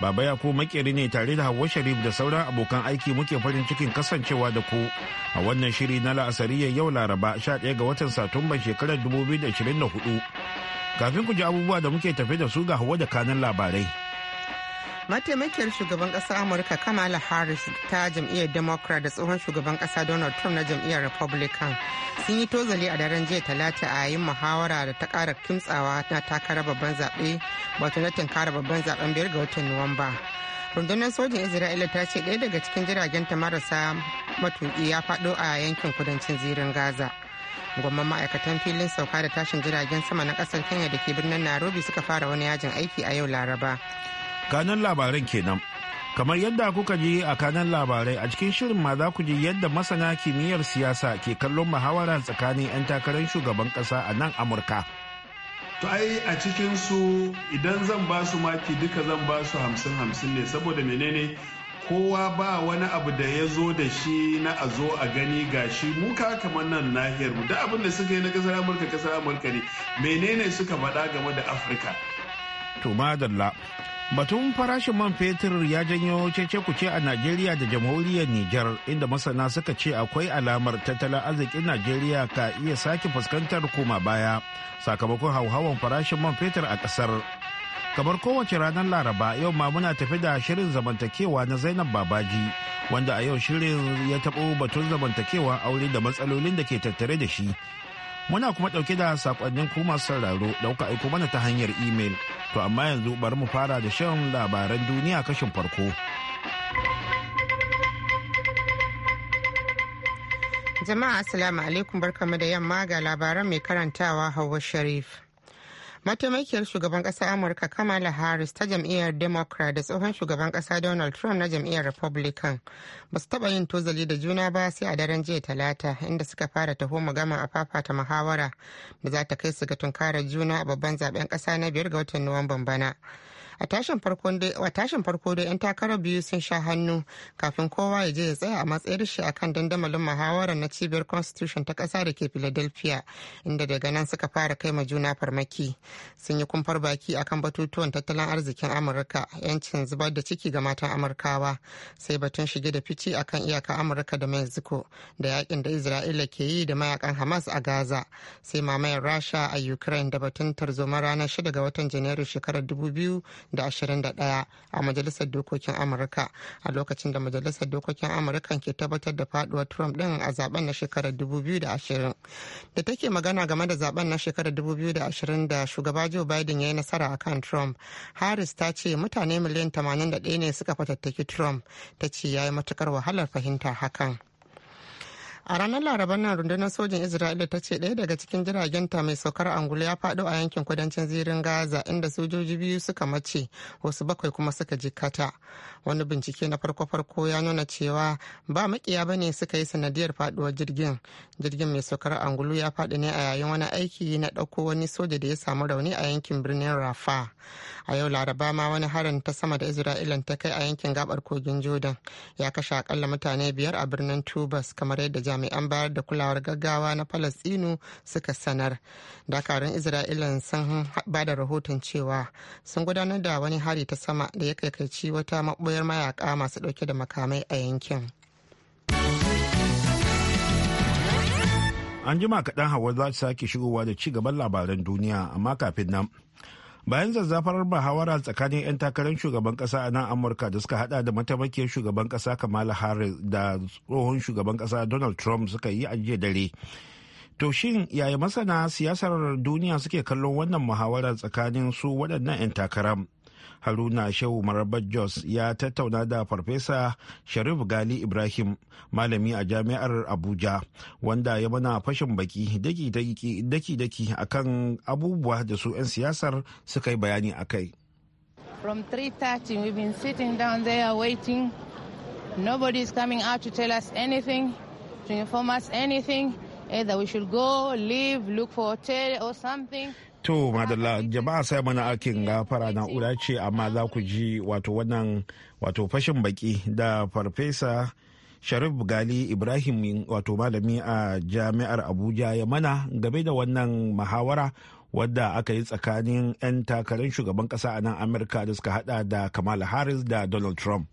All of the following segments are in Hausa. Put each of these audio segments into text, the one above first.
Baba Yakubu makeri ne tare da hauwa Sharif da sauran abokan aiki muke farin cikin kasancewa da ku a wannan shiri na la'asariyar yau Laraba 11 ga watan Satumban shekarar 2024. Kafin ku ji abubuwa da muke tafe da su ga Hauwa da kanan labarai. mataimakiyar shugaban kasa amurka kamala harris ta jam'iyyar democrat da tsohon shugaban kasa donald trump na jam'iyyar republican sun yi tozali a daren jiya talata a yayin muhawara da ta kara kimtsawa na takarar babban zaɓe wato na tinkara babban zaɓen biyar ga watan nuwamba rundunar sojin isra'ila ta ce ɗaya daga cikin jiragen ta marasa matuki ya faɗo a yankin kudancin zirin gaza gwamman ma'aikatan filin sauka da tashin jiragen sama na ƙasar kenya da ke birnin nairobi suka fara wani yajin aiki a yau laraba kanan labaran kenan kamar yadda kuka ji a kanan labarai a cikin shirin ma za ku ji yadda masana kimiyyar siyasa ke kallon muhawara tsakanin 'yan takarar shugaban ƙasa a nan amurka to ai a cikin su idan zan ba su maki duka zan ba su hamsin hamsin ne saboda menene kowa ba wani abu da ya zo da shi na a zo a gani gashi mu ka kamar nan nahiyar mu da abin da suka yi na kasar amurka kasar amurka ne menene suka faɗa game da afirka to madalla Batun farashin man fetur ya janyo cece-kuce a Najeriya da jamhuriyar Nijar inda masana suka ce akwai alamar tattalin arzikin Najeriya ka iya sake fuskantar koma baya sakamakon hauhawan farashin man fetur a kasar. Kamar kowace ranar Laraba yau ma muna tafi da shirin zamantakewa na Zainab Babaji wanda a yau shirin ya taɓo batun zamantakewa aure da matsalolin da ke tattare da shi Muna kuma ɗauke da sakonnin kuma masu sauraro da kuka aiko mana ta hanyar imel. To amma yanzu bari mu fara da shan labaran duniya kashin farko. Jama'a Assalamu alaikum barkamu da yamma ga labaran mai karantawa Hauwa Sharif. mataimakiyar shugaban ƙasar amurka kamala harris ta jam'iyyar democrat da tsohon shugaban ƙasa donald trump na jam'iyyar republican ba su taɓa yin tozali da juna ba sai a daren jiya talata inda suka fara taho gama a fafata muhawara da za ta kai su ga tunkarar juna a babban zaben ƙasa na biyar ga watan nuwamban bana a tashin farko dai yan takarar biyu sun sha hannu kafin kowa ya je ya tsaya a matsayar shi akan dandamalin muhawara na cibiyar constitution ta kasa da ke philadelphia inda daga nan suka fara kai ma juna farmaki sun yi kumfar baki akan batutuwan tattalin arzikin amurka yancin zubar da ciki ga matan amurkawa sai batun shige da fici akan iyaka amurka da mexico da yakin da isra'ila ke yi da mayakan hamas a gaza sai mamayar rasha a ukraine da batun tarzoma ranar 6 ga watan janairu shekarar 2000 da 21 a majalisar dokokin amurka a lokacin da majalisar dokokin amurka ke tabbatar da faduwar trump din a zaben na shekarar 2020 da take magana game da zaben na shekarar 2020 da shugaba joe biden ya yi nasara a kan trump harris ta ce mutane miliyan 81 ne suka fatattaki trump ta ce ya yi matukar wahalar fahimta hakan a ranar laraba nan rundunar sojin isra'ila ta ce ɗaya daga cikin jiragenta mai saukar angulu ya faɗo a yankin kudancin zirin gaza inda sojoji biyu suka mace wasu bakwai kuma suka jikata wani bincike na farko-farko ya nuna cewa ba makiya ba ne suka yi sanadiyar faɗuwar jirgin jirgin mai saukar angulu ya faɗi ne a yayin wani aiki na ɗauko wani soja da ya samu rauni a yankin birnin rafa a yau laraba ma wani harin ta sama da isra'ilan ta kai a yankin gabar kogin jordan ya kashe akalla mutane biyar a birnin tubas kamar yadda jami'an bayar da kulawar gaggawa na Falasɗinu suka sanar. Dakarun isra'ila sun ba da rahoton cewa sun gudanar da wani hari ta sama da ya kaikaici wata maboyar mayaka masu ɗauke da makamai a yankin. An jima kaɗan hawa za su sake shigowa da ci gaban labaran duniya amma kafin nan. bayan zazzafar muhawara tsakanin 'yan takarar shugaban kasa a nan amurka da suka hada da mataimakiyar shugaban kasa kamala harris da tsohon shugaban kasa donald trump suka yi ajiye dare to shin yaya masana siyasar duniya suke kallon wannan muhawara tsakanin su waɗannan 'yan takarar haruna shehu marabar jos ya tattauna da farfesa sharif gali ibrahim malami a jami'ar abuja wanda ya mana fashin baki daki-daki akan abubuwa da su 'yan siyasar suka yi bayani a kai From 3.30 we've been sitting down there waiting. Nobody is coming out to tell us anything, to inform us anything. Either we should go, leave, look for hotel or something. To madalla jama'a sai mana akin gafara na'ura ce amma za ku ji wato wannan wato fashin baki da farfesa Sharif Gali Ibrahim wato malami a jami'ar Abuja ya mana game da wannan muhawara wadda aka yi tsakanin 'yan takarar shugaban kasa a nan Amurka da suka hada da Kamala Harris da Donald Trump.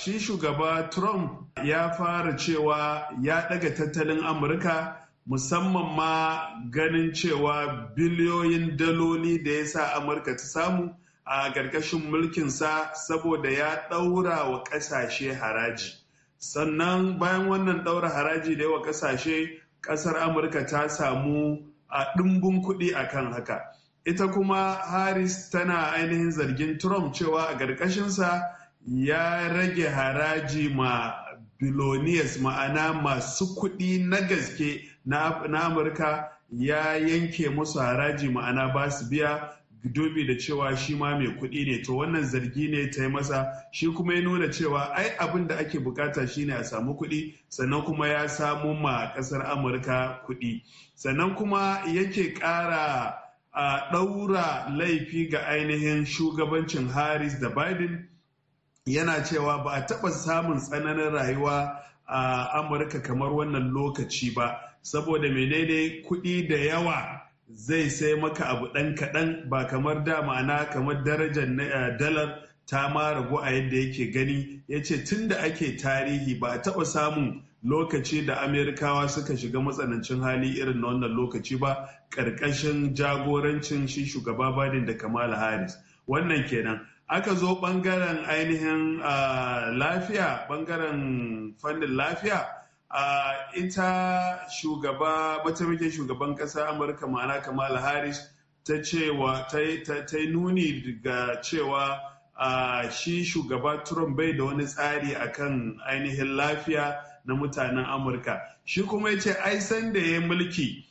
Shi shugaba Trump ya fara cewa ya daga tattalin Amurka musamman ma ganin cewa biliyoyin daloli da ya sa amurka ta samu a ƙarƙashin mulkinsa saboda ya ɗaura wa ƙasashe haraji sannan bayan wannan ɗaura haraji da yawa ƙasashe ƙasar amurka ta samu a ɗimbin kuɗi a kan haka ita kuma harris tana ainihin zargin trump cewa a ƙarƙashinsa ya rage haraji ma biloniyas ma'ana masu kuɗi na gaske na amurka ya yanke musu haraji ma'ana ba su biya dubi da cewa shi ma mai kuɗi ne to wannan zargi ne ta yi masa shi kuma ya nuna cewa ai abin da ake bukata shine a samu kuɗi sannan kuma ya samu ma ƙasar amurka kuɗi sannan kuma yake ƙara a ɗaura laifi ga ainihin shugabancin harris da biden yana cewa ba a taɓa samun tsananin rayuwa a amurka kamar wannan lokaci ba saboda menene kuɗi da yawa zai sai maka abu ɗan kaɗan ba kamar da ma'ana kamar darajar eh, dalar ta mara ragu a yadda yake gani ya ce tun da ake tarihi ba a taɓa samun lokaci da amerikawa suka shiga matsanancin hali irin na wannan lokaci ba ƙarƙashin jagorancin shi shugaba badin da kamala harris wannan kenan aka zo bangaren ainihin lafiya bangaren fannin lafiya ita shugaba mataimakin shugaban kasa amurka ma'ana kamala harris ta cewa ta nuni ga cewa shi shugaba trump bai da wani tsari akan ainihin lafiya na mutanen amurka shi kuma ya ce ai san da ya mulki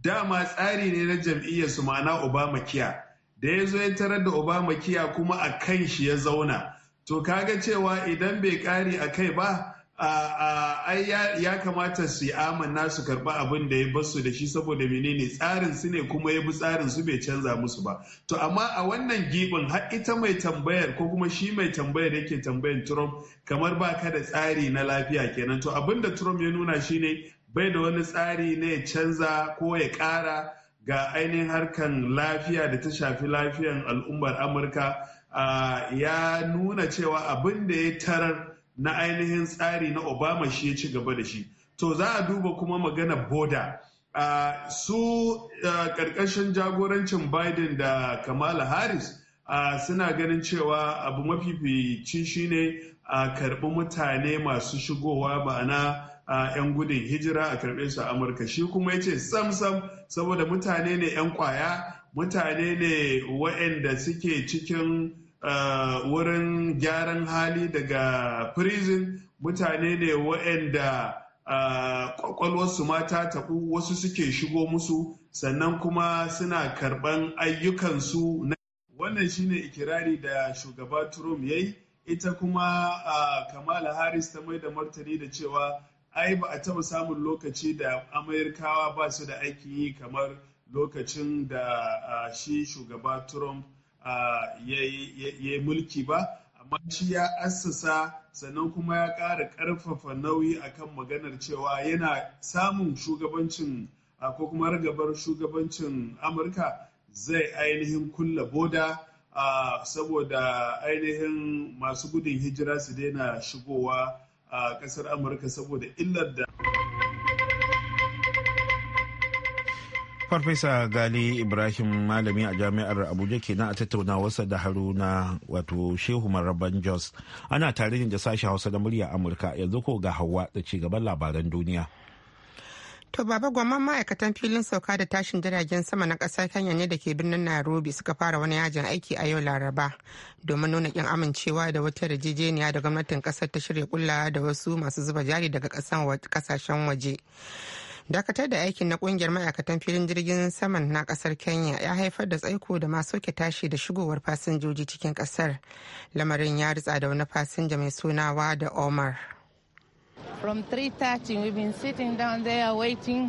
dama tsari ne na jam'iyyar sumana ma'ana obama kiya da ya zo ya tarar da obama kiya kuma a kan shi ya zauna to kaga cewa idan bai kari a kai ba ai ya kamata su yi amanna su karba abin da ya basu da shi saboda menene tsarin su ne kuma ya bi tsarin su bai canza musu ba to amma a wannan gibin har ita mai tambayar ko kuma shi mai tambayar yake tambayan trump kamar ba ka da tsari na lafiya kenan to abin da trump ya nuna shine bai da wani tsari na ya canza ko ya kara ga ainihin harkan lafiya da ta shafi lafiyan al'ummar amurka ya nuna cewa abin da ya tarar na ainihin tsari na obama shi ya ci gaba da shi to za a duba kuma magana boda su karkashin jagorancin biden da kamala harris suna ganin cewa abu mafifici shine a karbi mutane masu shigowa ba'ana a 'yan gudun hijira a karbe su a amurka shi kuma ya ce sam sam saboda mutane ne 'yan kwaya mutane ne waɗanda suke cikin wurin gyaran hali daga prison mutane ne waɗanda kwakwalwarsu mata taɓu wasu suke shigo musu sannan kuma suna karɓan ayyukansu na wannan shine ikirari da shugaba trump ya yi ita kuma kamala harris ta mai da martani da cewa ai ba a taɓa samun lokaci da amurkawa ba su da aikin yi kamar lokacin da shi shugaba trump ya yi mulki ba amma shi ya assasa sannan kuma ya ƙara ƙarfafa nauyi akan maganar cewa yana samun shugabancin ko kuma ragabar shugabancin amurka zai ainihin kulla boda saboda ainihin masu gudun hijira su daina shigowa a kasar amurka saboda illar da farfesa gali ibrahim malami a jami'ar abuja ke kenan a tattauna wasa da haruna wato shehu maraban jos ana tare da sashen hausa da murya amurka yanzu ko ga hawa da cigaban labaran duniya To baba gwamma ma'aikatan filin sauka da tashin jiragen sama na ƙasar Kenya ne da ke birnin Nairobi suka fara wani yajin aiki a yau Laraba domin nuna kin amincewa da wata yarjejeniya da gwamnatin ƙasar ta shirya kulla da wasu masu zuba jari daga ƙasashen waje. dakatar da aikin na kungiyar ma'aikatan filin jirgin saman na kasar kenya ya haifar da tsaiko da masu ke tashi da shigowar fasinjoji cikin kasar lamarin ya ritsa da wani fasinja mai sunawa da omar From 3.30, we've been sitting down there waiting.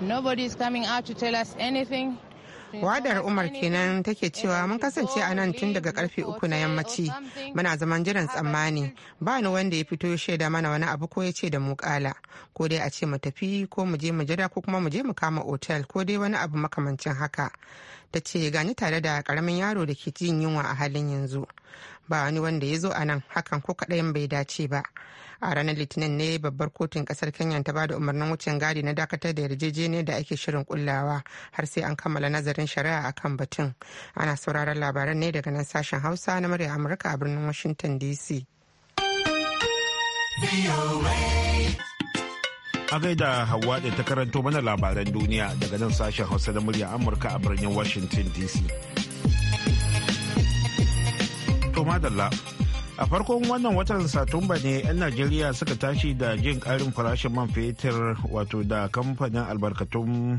Nobody's coming out to tell us anything. wadar umar kenan take cewa mun kasance a nan tun daga karfe uku na yammaci muna zaman jiran tsammani ba ni wanda ya fito ya shaida mana wani abu ko ya ce da mu kala ko dai a ce mu tafi ko mu je mu jira ko kuma mu je mu kama otal ko dai wani abu makamancin haka ta ce gani tare da karamin yaro da ke jin yunwa a halin yanzu ba wani wanda ya zo a nan hakan ko kaɗayan bai dace ba a ranar litinin ne babbar kotun kasar kenya ta bada umarnin wucin gadi na dakatar da yarjejeniyar da ake shirin kullawa har sai an kammala nazarin shari'a akan batun ana sauraron labaran ne daga nan sashen hausa na murya amurka a birnin washington dc a gaida hawa da ta karanto mana labaran duniya daga nan sashen hausa na murya amurka a birnin washington dc a farkon wannan watan satumba ne 'yan najeriya suka tashi da jin karin farashin man fetur wato da kamfanin albarkatun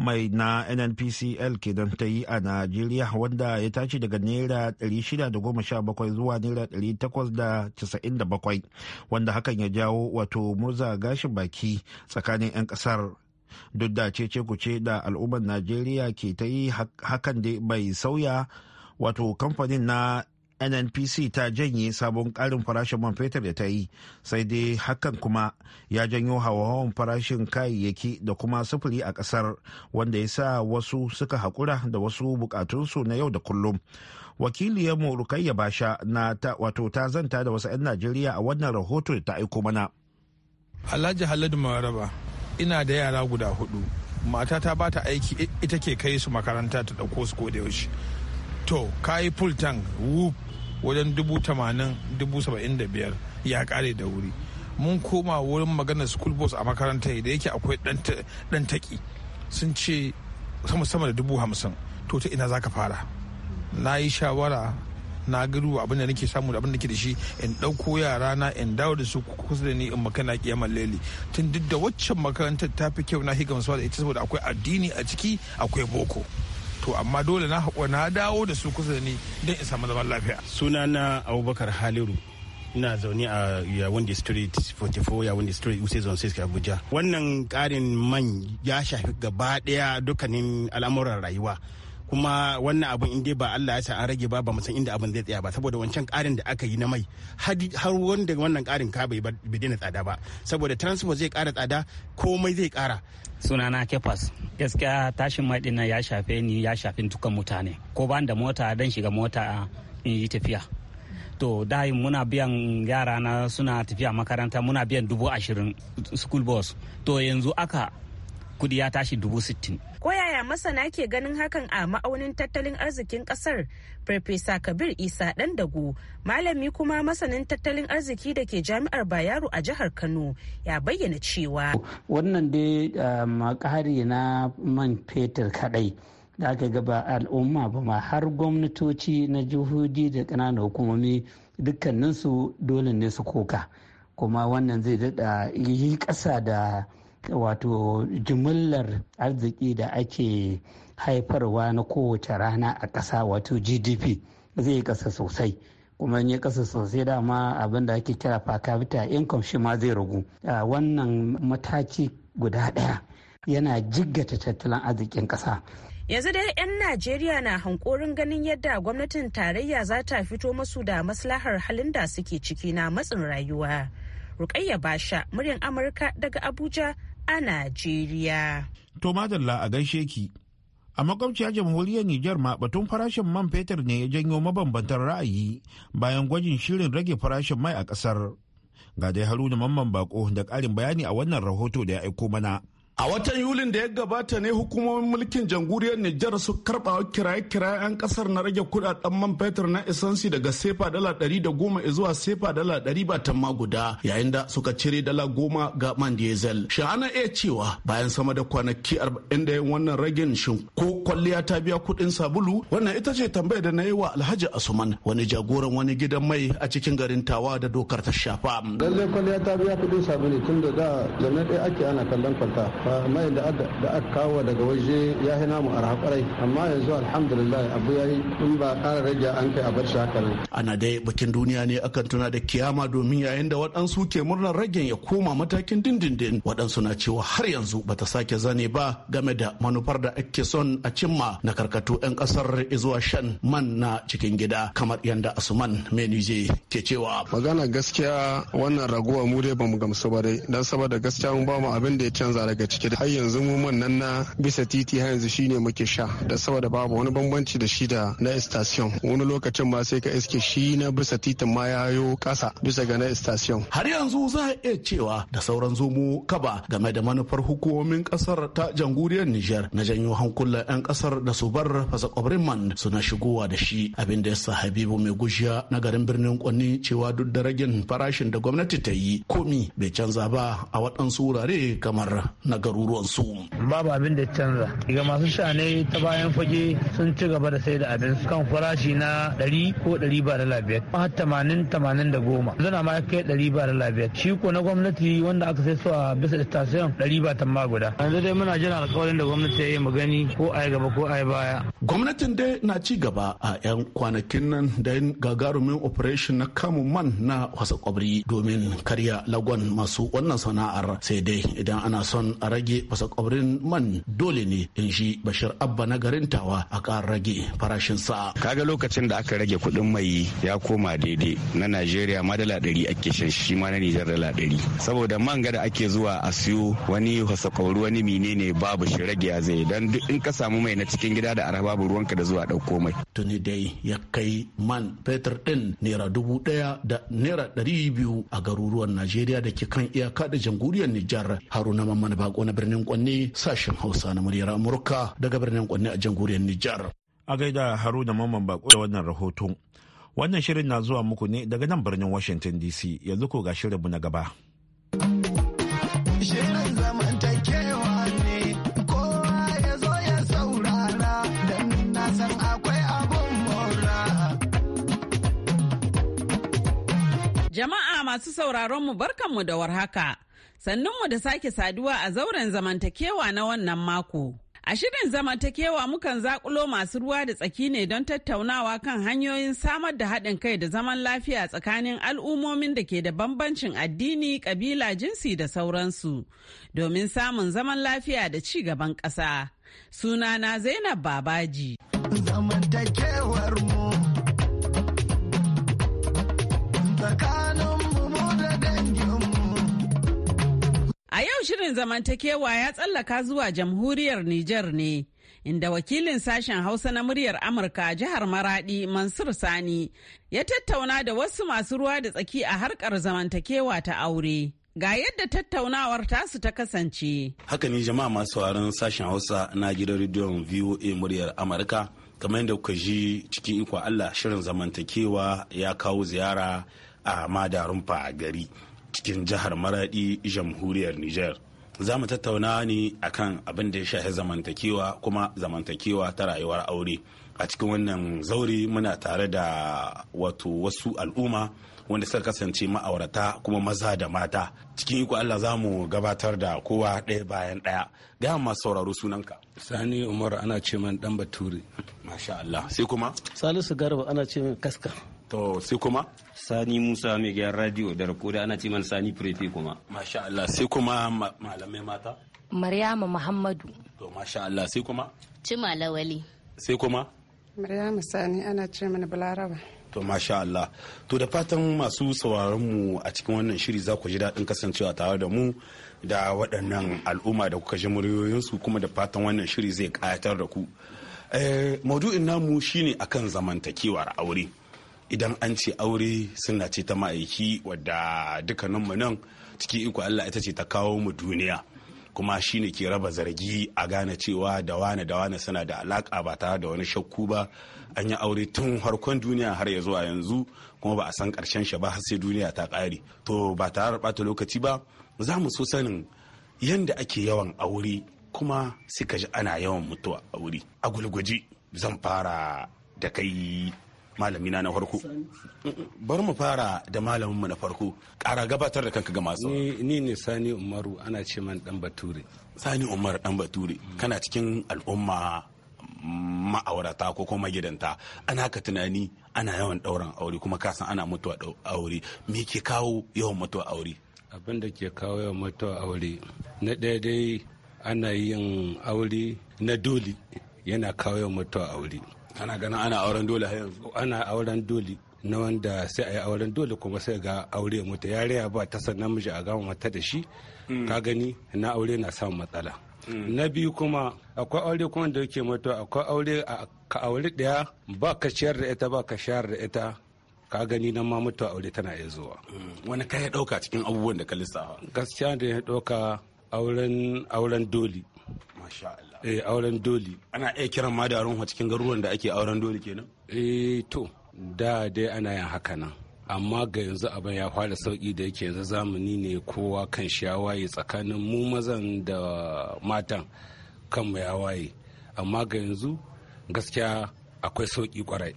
mai na nnpcl kenan ta yi a najeriya wanda ya tashi daga naira 617 zuwa naira 897 wanda hakan ya jawo wato murza gashin baki tsakanin 'yan kasar duk da cece kuce da al'ummar najeriya ke ta yi hakan da bai sauya wato kamfanin na nnpc ta janye sabon karin farashin man fetur da ta yi sai dai hakan kuma ya janyo hawa-hawan farashin kayayyaki da kuma sufuri a kasar wanda ya sa wasu suka haƙura da wasu bukatunsu na yau da kullum wakiliyarmu rukayya basha na ta, wato ta zanta da wasu 'yan najeriya a wannan rahoto da ta aiko mana alhaji haladu maraba ina da yara guda hudu matata ba ta aiki ita ke kai su makaranta ta ɗauko su ko yaushe to kayi fultan full tank wajen dubu tamanin dubu saba'in da biyar ya kare da wuri mun koma wurin magana school bus a makarantar da yake akwai dan taki sun ce sama sama da dubu hamsin to ta ina zaka fara na yi shawara na gudu abin da nake samu da abin da ke da shi in ɗauko yara na in dawo da su kusa da ni in makana kiyamar leli tun duk da waccan makarantar ta fi kyau na higamsuwa da ita saboda akwai addini a ciki akwai boko to amma dole na haƙo na dawo da su kusa da ni don in samu zaman lafiya suna na abubakar haliru ina zaune a yawundi street 44 yawundi street usai zone 6 abuja wannan ƙarin man ya shafi gaba daya dukkanin al'amuran rayuwa kuma wannan abin in dai ba Allah ya sa an rage ba ba mu san inda abin zai tsaya ba saboda wancan karin da aka yi na mai har wanda wannan karin ka bai bai daina tsada ba saboda transport zai kara tsada komai zai kara sunana kefas gaskiya tashin mai dinnan ya shafe ni ya shafi dukan mutane ko ban da mota dan shiga mota in yi tafiya to dai muna biyan yara na suna tafiya makaranta muna biyan dubu ashirin school bus to yanzu aka kudi ya tashi dubu sittin. Ko yaya masana ke ganin hakan a ma'aunin tattalin arzikin kasar? Farfesa Kabir Isa ɗan dago, malami kuma masanin tattalin arziki da ke jami'ar Bayero a jihar Kano ya bayyana cewa. Wannan dai makari um, na man fetur kaɗai. da aka gaba al'umma ba ma har gwamnatoci na jihohi da ƙananan hukumomi dukkaninsu dole ne su koka kuma wannan zai daɗa yi ƙasa da wato jimillar arziki da ake haifarwa na kowace rana a ƙasa wato gdp zai ƙasa sosai kuma ya kasa sosai dama abin da ake kira faka fita income shi ma zai ragu wannan mataki guda ɗaya yana jiggata tattalin arzikin ƙasa yanzu dai 'yan najeriya na hankorin ganin yadda gwamnatin tarayya za ta fito masu da maslahar halin da suke ciki na matsin rayuwa rukayya basha muryan amurka daga abuja a Najeriya. To madalla a gaishe ki. A makwabciyar jamhuriyar Nijar ma batun farashin man fetur ne ya janyo mabambantan ra'ayi bayan gwajin shirin rage farashin mai a ƙasar. Ga dai Haruna Mamman Bako da ƙarin bayani a wannan rahoto da ya aiko mana. A watan Yulin da ya gabata ne hukumomin mulkin jamhuriyar Nijar su karɓa kiraye-kiraye 'yan ƙasar na rage kudaden man fetur na isansi daga sefa dala ɗari da goma zuwa sefa dala ɗari ba tamma guda yayin da suka cire dala goma ga man diesel. Sha'ana iya cewa bayan sama da kwanaki arba'in da wannan ragin shin ko kwalliya ta biya kuɗin sabulu wannan ita ce tambayar da na yi wa Alhaji Asuman wani jagoran wani gidan mai a cikin garin Tawa da dokar ta shafa. Lallai kwalliya ta biya kuɗin sabulu tun da da ɗaya ake ana kallon kwanta. mai da aka kawo daga waje ya yi namu a kwarai amma yanzu alhamdulillah abu ya yi in ba kara rage an kai a bar ana dai bikin duniya ne akan tuna da kiyama domin yayin da waɗansu ke murnar ragen ya koma matakin dindindin waɗansu na cewa har yanzu bata sake zane ba game da manufar da ake son a cimma na karkatu 'yan kasar zuwa shan man na cikin gida kamar yadda asuman menuje ke cewa. magana gaskiya wannan raguwa mu dai bamu gamsu ba dai don saboda gaskiya mun ba mu abin da ya canza daga ci ciki har yanzu mu man nan na bisa titi har yanzu shine muke sha da saboda babu wani bambanci da shi da na station wani lokacin ma sai ka iske shi na bisa titin ma yayo kasa bisa ga na station har yanzu za a iya cewa da sauran zomo kaba game da manufar hukumomin kasar ta jamhuriyar Nijar na janyo hankulan 'yan kasar da su bar fasakwabrin man suna shigowa da shi abin da yasa Habibu mai gujiya na garin birnin Kwanni cewa duk da ragin farashin da gwamnati ta yi komi bai canza ba a waɗansu wurare kamar na su Babu abin da canza. Ga masu shane ta bayan fage sun ci gaba da sai da abin kan farashi na ɗari ko ɗari ba da biyar. Har tamanin tamanin da goma. Zana ma kai ɗari ba da biyar. Shi ko na gwamnati wanda aka sai su a bisa station ɗari ba tamma guda. Yanzu dai muna jiran alƙawarin da gwamnati ya yi magani ko a gaba ko a baya. Gwamnatin dai na ci gaba a 'yan kwanakin nan da yin gagarumin operation na kamun man na wasa kwabri domin karya lagon masu wannan sana'ar sai dai idan ana son a rage kwabrin man dole ne in shi bashir abba na garin tawa a kan rage farashin sa kaga lokacin da aka rage kuɗin mai ya koma daidai na najeriya ma dala ɗari ake shan shi ma na nijar dala ɗari saboda man gada ake zuwa a siyo wani kwabru wani mine ne babu shi rage zai dan duk in ka samu mai na cikin gida da araba babu ruwanka da zuwa ɗauko mai tuni dai ya kai man fetur ɗin naira dubu daya da naira ɗari biyu a garuruwan najeriya da ke kan iyaka da jamhuriyar nijar haruna mamman bago sako na birnin kwanne sashen hausa na muryar amurka daga birnin kwanne a jamhuriyar nijar a gaida haruna mamman bako da wannan rahoto. wannan shirin na zuwa muku ne daga nan birnin washington dc yanzu ko ga shirinmu na gaba shirin zamantakewa jama'a masu sauraron mu barkanmu da warhaka Sannunmu da sake saduwa a zauren zamantakewa na wannan mako. A shirin zamantakewa mukan zakulo masu ruwa da tsaki ne don tattaunawa kan hanyoyin samar da haɗin kai da zaman lafiya tsakanin al'ummomin da ke da bambancin addini, ƙabila, jinsi da sauransu domin samun zaman lafiya da ci gaban ƙasa. Sunana Zainab Babaji. Zamantakewar mu tsakanin A yau shirin zamantakewa ya tsallaka zuwa jamhuriyar Nijar ne, inda wakilin sashen Hausa na muryar Amurka jihar Maradi Mansur Sani ya tattauna da wasu masu ruwa da tsaki a harkar zamantakewa ta aure. Ga yadda tattaunawar tasu ta kasance. Haka ne jama'a masu sauraron sashen Hausa na gidan rediyon VOA muryar Amurka. Kamar yadda kuka ji cikin ikon Allah shirin zamantakewa ya kawo ziyara a fa gari. cikin jihar maradi jamhuriyar niger za mu tattauna ne akan abin da ya shafi zamantakewa kuma zamantakewa ta rayuwar aure a cikin wannan zaure muna tare da wato wasu al'umma wanda suka kasance ma'aurata kuma maza da mata cikin iko allah za mu gabatar da kowa ɗaya bayan ɗaya ga masu sauraro sunanka sani umar ana ce man dan bature masha allah sai kuma salisu garba ana ce min kaska To sai kuma? Sani Musa mai gyan radio da rakoda ana ce Sani Prefe kuma. Masha Allah sai kuma malamai mata? Maryama Muhammadu. To masha Allah sai kuma? Cima Lawali. Sai kuma? Maryama Sani ana ce mana Balaraba. To masha Allah. To da fatan masu sauraron mu a cikin wannan shiri za ku ji daɗin kasancewa tare da mu da waɗannan al'umma da kuka ji muryoyinsu kuma da fatan wannan shiri zai ƙayatar da ku. Eh, maudu'in namu shine akan zamantakewar aure. idan an ce aure suna ce ta ma'aiki wadda dukkaninmu nan ciki iko Allah ita ce ta kawo mu duniya kuma shine ke raba zargi a gane cewa da wane da wane suna da alaka ba tare da wani shakku ba an yi aure tun harkon duniya har ya zuwa yanzu kuma ba a san karshen shi ba har sai duniya ta ƙare to ba tare da ɓata lokaci ba za mu so sanin yanda ake yawan aure kuma sai ka ji ana yawan mutuwa aure. a gulgwaji zan fara da kai malamina na farko bar mu fara da malamin mu na farko Kara gabatar da kanka ga masu ni ne sani umaru ana ce man dan bature sani umar dan bature kana cikin al'umma ma'aurata ko kuma gidanta ana ka tunani ana yawan dauran aure kuma kasan ana mutuwa aure me ke kawo yawan mutuwa aure abin da ke kawo yawan mutuwa aure na ɗaya dai ana yin aure na dole yana kawo yawan mutuwa aure Ana ganin ana auren dole har yanzu. Ana auren dole na wanda sai a yi auren dole kuma sai ga aure mutu yariya ba ta san namiji a gama mata da shi mm. ka gani na aure na samun matsala mm. na biyu kuma akwai aure kuma da yake mutuwa akwai aure ka aure daya ba ka ciyar da ita ba ka shayar da ita ka gani nan ma mutuwa aure tana iya zuwa mm. wani ka ya dauka cikin abubuwan da ka lissafa gaskiya da ya dauka auren auren doli masha eh auren doli ana iya kiran ma da a cikin garuruwan da ake auren doli kenan eh to da dai ana yin haka nan amma ga yanzu abin ya fara sauki da yake yanzu zamani ne kowa kan shi ya waye tsakanin mu mazan da matan kanmu ya waye amma ga yanzu gaskiya akwai sauki kwarai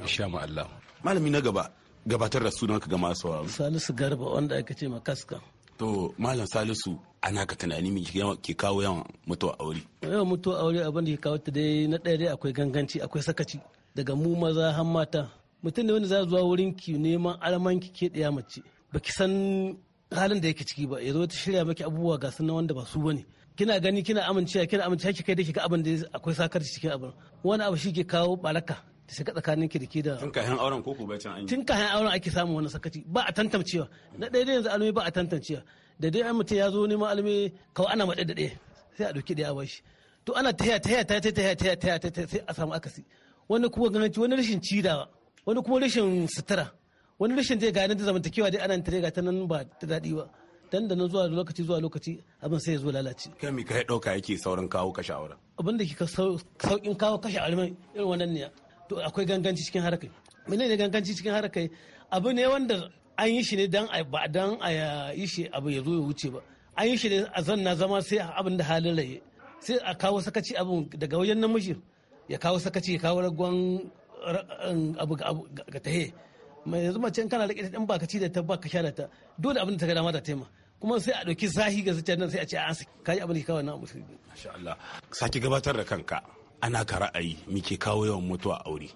insha Allah malami na gaba gabatar da ka ga masu Salisu Garba wanda aka ce kaska. to malam Salisu ana ka tunani me ke kawo yawan mutuwa aure yawan mutuwa aure abin da ke kawo ta dai na ɗaya dai akwai ganganci akwai sakaci daga mu maza har mata mutum ne wanda za zuwa wurin ki neman alaman ki ke ɗaya mace ba ki san halin da yake ciki ba ya zo ta shirya maki abubuwa ga sunan wanda ba su ne. kina gani kina amincewa kina amincewa ki kai da kika abin da akwai sakarci cikin abin wani abu shi ke kawo baraka da shiga tsakanin ki da ke da tun kayan auren ko ko can an tun kayan auren ake samu wani sakaci ba a tantancewa na ɗaya yanzu alwai ba a tantancewa da dai an mutum ya zo ni alme kawai ana maɗa da ɗaya sai a ɗauki ɗaya bashi to ana taya taya ta taya taya taya taya sai a samu akasi wani kuma ganci wani rashin cidawa wani kuma rashin sutura wani rashin zai gane da zamantakewa dai ana tare ga ta nan ba ta daɗi ba dan da nan zuwa lokaci zuwa lokaci abin sai ya zo lalace kai mi kai ɗauka yake saurin kawo ka shawara abin da ke saukin kawo kashe almai irin wannan ne to akwai ganganci cikin harakai menene ganganci cikin harakai abu ne wanda an yi shi ne don ba dan a yi shi abu ya zo ya wuce ba an yi shi ne a zanna zama sai abin da halin raye sai a kawo sakaci abin daga wajen namiji ya kawo sakaci ya kawo ragon um, abu ga tahe mai yanzu mace in kana rike ta in baka ci da ta baka sha da ta dole abin da ta ga dama da taima kuma sai a ɗauki zahi ga zuciya nan sai a ce an kayi abin da kawo na musulmi. Masha Allah. Sake gabatar da kanka ana ka ra'ayi muke kawo yawan mutuwa aure.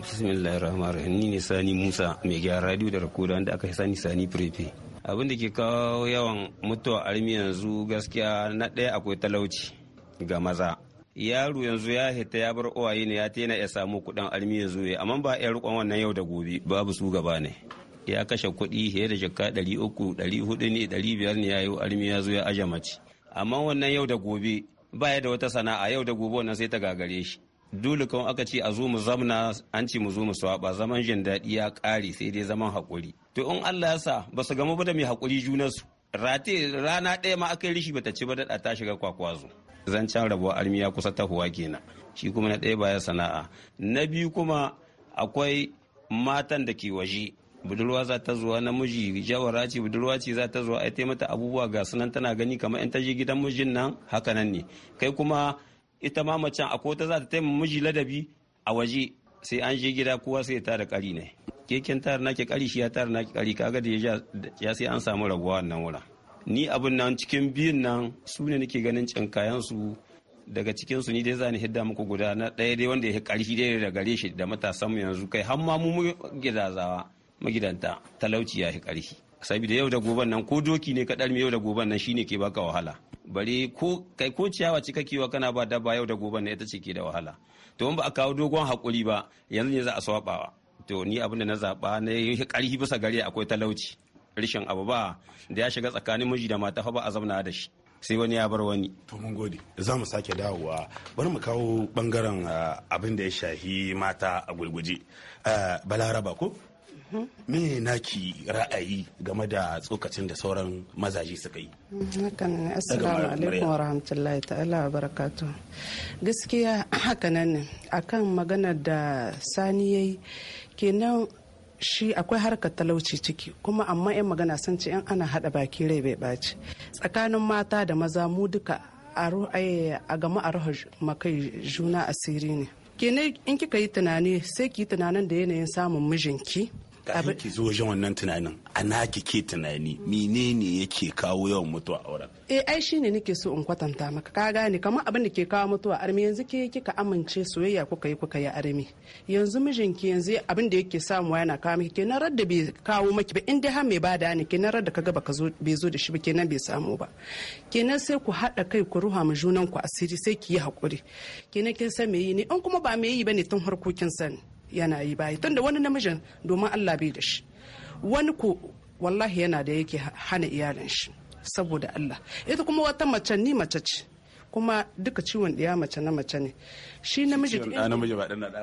Bismillahirrahmanirrahim. Ni ne Sani Musa mai gyara radio da rakoda da aka sani Sani Prepe. Abin da ke kawo yawan mutuwa armi yanzu gaskiya na ɗaya akwai talauci ga maza. Yaro yanzu ya hita ya bar uwaye ne ya tena ya samu kuɗin armi yanzu ya amma ba ya rikon wannan yau da gobe babu su gaba ne. Ya kashe kuɗi fiye da shekka ɗari uku ɗari hudu ne ɗari biyar ne ya yi armi ya zo ya aje mace. Amma wannan yau da gobe ba ya da wata sana'a yau da gobe wannan sai ta gagare shi. dole kawai aka ce a zo mu zamna an ce mu zo mu saba zaman jin daɗi ya ƙare sai dai zaman haƙuri to in Allah ya sa ba su gamu ba da mai haƙuri junansu rate rana ɗaya ma aka yi rishi bata ci ba daɗa ta shiga kwakwazo zancen rabuwa armiya kusa tahuwa kenan shi kuma na ɗaya baya sana'a na biyu kuma akwai matan da ke waje budurwa za ta zuwa namiji jawara ce budurwa ce za ta zuwa ai mata abubuwa ga sunan tana gani kamar in ta je gidan mijin nan haka nan ne kai kuma ita ma macen a ta za ta taimaka miji ladabi a waje sai an je gida kowa sai ta da kari ne keken tara nake kari shi ya tara nake kari kaga da ya sai an samu raguwa wannan wura ni abin nan cikin biyun nan su ne nake ganin cinkayen su daga cikin su ni dai zani hidda muku guda na daya dai wanda ya shi dai da gare shi da matasan mu yanzu kai har ma mu gidazawa magidanta talauci ya karshe. saboda yau da goben nan ko doki ne ka ɗarmi yau da goben nan shine ke baka wahala bare ko kai ko ciyawa cika kiwa kana ba dabba yau da goben nan ita ce ke da wahala to in ba a kawo dogon hakuri ba yanzu ne za a swabawa to ni abin da na zaba na yi karfi bisa gare akwai talauci rishin abu ba da ya shiga tsakanin miji da mata ba a zauna da shi sai wani ya bar wani. To mun gode. Za mu sake dawowa. Bari mu kawo bangaren ah, abin da ya shahi mata a gulguje. Ah, Balaraba ko? me naki ra'ayi game da tsokacin da sauran mazaje suka yi hakan assalamu alaikum wa rahmatullahi ta'ala wa barakatu gaskiya hakanan ne akan maganar da sani yayi kenan shi akwai harkar talauci ciki kuma amma 'yan magana sun ce 'yan ana hada baki rai bai baci tsakanin mata da maza mu duka a gama a ruhar makai juna asiri ne kenan in kika yi tunani sai ki yi tunanin da yanayin samun mijinki kafin ki zo wajen wannan tunanin ana ki kike tunani menene yake kawo yawan mutuwa auren eh ai shine nake so in kwatanta maka ka gane kamar abin da ke kawo mutuwa armi yanzu ke kika amince soyayya kuka yi kuka yi armi yanzu mijinki yanzu abin da yake samu yana kawo miki kenan radda bai kawo maki ba in dai har mai bada ne kenan radda kaga baka zo bai zo da shi ba kenan bai samu ba kenan sai ku haɗa kai ku ruha mu junan ku asiri sai ki yi hakuri kenan kin san me yi ne in kuma ba me yi bane tun harkokin sani yana yi baya tunda wani namijin domin Allah bai da shi wani ko wallahi yana da yake hana iyalin shi saboda Allah ita kuma wata mace ni mace ce kuma duka ciwon ɗaya mace na mace ne shi namiji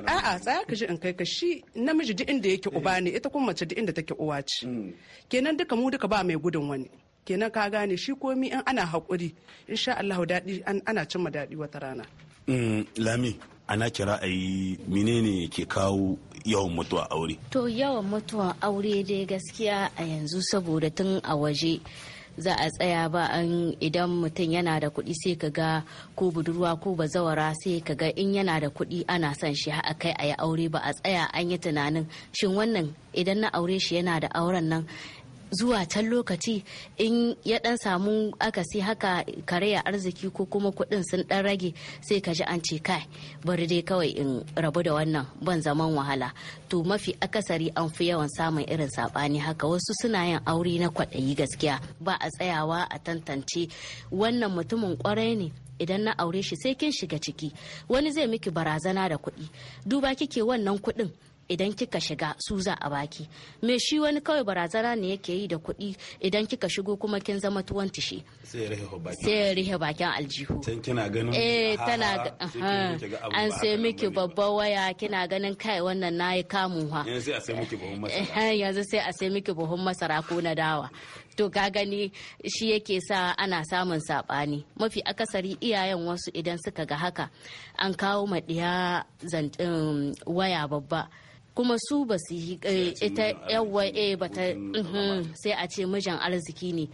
a'a tsaya ka ji in kai ka shi namiji ɗin da yake uba ne ita kuma mace ɗin da take uwa ce mm. kenan duka mu duka ba mai gudun wani kenan ka gane shi komi in ana haƙuri insha Allah daɗi ana cimma daɗi wata rana mm, lami ana kira a yi menene ke kawo yawan mutuwa aure to yawan mutuwa aure dai gaskiya a yanzu saboda tun a waje za a tsaya ba an idan mutum yana da kuɗi sai ka ga ko budurwa ko bazawara sai ka ga in yana da kuɗi ana son shi a kai a yi aure ba a tsaya an yi tunanin shin wannan idan na aure shi yana da auren nan zuwa can lokaci in ya dan samu akasi haka karaya arziki ko kuma kudin sun dan rage sai ka ji an ce kai bari dai kawai in rabu da wannan ban zaman wahala to mafi akasari an fi yawan samun irin sabani haka wasu suna yin aure na kwaɗayi gaskiya ba a tsayawa a tantance wannan mutumin kwarai ne idan na aure shi sai kin shiga ciki wani zai miki barazana da kuɗi duba kike wannan kuɗin idan kika shiga su za a baki me shi wani kawai barazana ne yake yi da kuɗi idan kika shigo kuma kin zama tuwon tishi sai ya rihe bakin aljihu can kina ganin eh tana an sai miki babban waya kina ganin kai wannan nayi kamun ha yanzu a sai miki buhun masara eh, yanzu sai a sai miki buhun masara ko na dawa to ka gani shi yake sa ana samun sabani mafi akasari iyayen wasu idan suka ga haka an kawo maɗiya um, waya babba kuma su ba su yi eh, ita yawa e bata sai a ce mijin arziki ne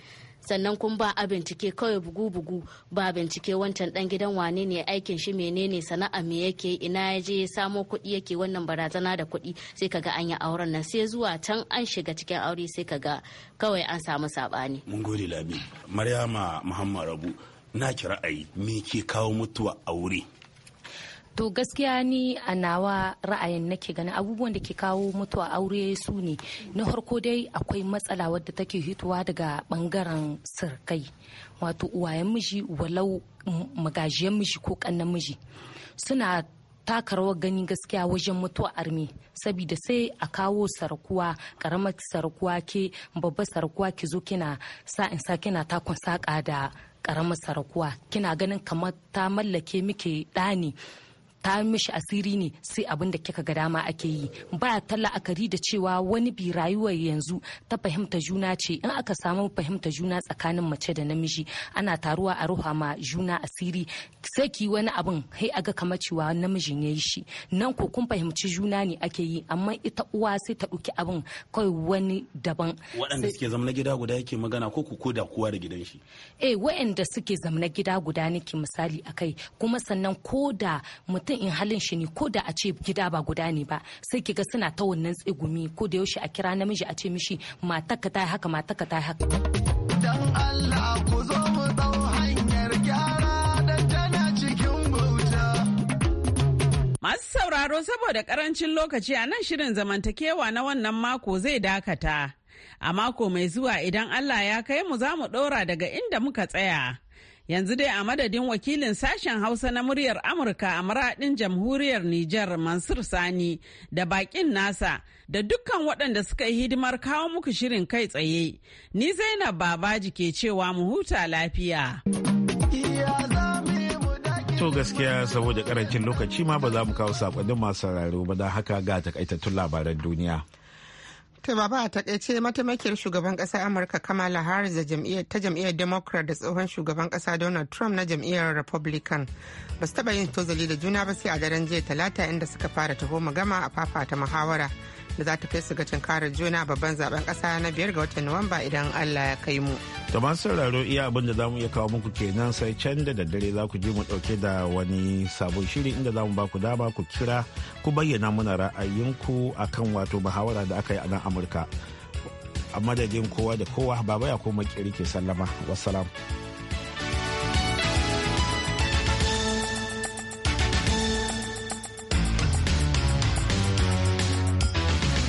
sannan kun ba a bincike kawai bugu-bugu ba bincike wancan dan gidan wane ne aikin shi menene sana'a me yake ina ya je samo kuɗi yake wannan barazana da kuɗi sai kaga an yi auren nan sai zuwa can an shiga cikin aure sai kaga kawai an samu saɓani. mun gode labi maryama muhammad rabu na ki ra'ayi me ke kawo mutuwa aure to gaskiya ni a nawa ra'ayin nake ganin abubuwan da ke kawo mutuwa aure su ne na farko dai akwai matsala wadda take hitowa daga bangaren sirkai wato uwayen miji walau magajiyan miji ko kannan miji suna taka rawar gani gaskiya wajen mutuwa armi saboda sai a kawo sarkuwa karamar sarkuwa ke babba sarkuwa ke zo kina sa in sa kina takon saka da karamar sarkuwa kina ganin kamar ta mallake miki ɗani ta mishi asiri ne sai abin da kika ga dama ake yi ba ta la'akari da cewa wani bi rayuwar yanzu ta fahimta juna ce in aka samu fahimta juna tsakanin mace da namiji ana taruwa a ruha ma juna asiri sai ki wani abin sai aga kama cewa namijin ya yi shi nan ko kun fahimci juna ne ake yi amma ita uwa sai ta ɗauki abin kawai wani daban waɗanda suke zama na gida guda yake magana ko ko da kowa da gidan shi eh waɗanda suke zama na gida guda nake misali akai kuma sannan ko da mutum in halin shi ne ko da a ce gida ba guda ne ba sai kiga suna ta wannan tsigumi ko da yaushe a kira namiji a ce mishi mataka ta haka mataka ta haka dan Allah ku zo mu dau hanyar gyara dan tana cikin bauta masu sauraro saboda karancin lokaci a nan shirin zamantakewa na wannan mako zai dakata a mako mai zuwa idan Allah ya kai mu za mu ɗora daga inda muka tsaya Yanzu dai a madadin wakilin sashen Hausa na muryar Amurka a maradin jamhuriyar niger Mansur Sani da bakin nasa da dukkan waɗanda suka yi hidimar kawo muku shirin kai tsaye. Ni Zainab Babaji ke cewa mu huta lafiya. To gaskiya saboda karancin lokaci ma ba za mu kawo sakonnin masu sauraro ba da haka ga takaitattun labaran duniya. ta baba a takaice mataimakiyar shugaban kasa Amurka Kamala Harris ta jam'iyyar Democrat da tsohon shugaban kasa Donald Trump na jam'iyyar Republican ba su taba yin tozali da juna ba sai a daren jiya talata inda suka fara taho magama a fafata muhawara da za ta kai su ga tunkarar juna babban zaben kasa na biyar ga watan nuwamba idan allah ya kai mu da masu sauraro iya abin da zamu iya kawo muku kenan sai can da daddare za ku ji mu dauke da wani sabon shiri inda za mu ba ku dama ku kira ku bayyana muna ra'ayinku akan wato muhawara da aka yi a nan amurka a madadin kowa da kowa baba ya kuma ke sallama wasalam.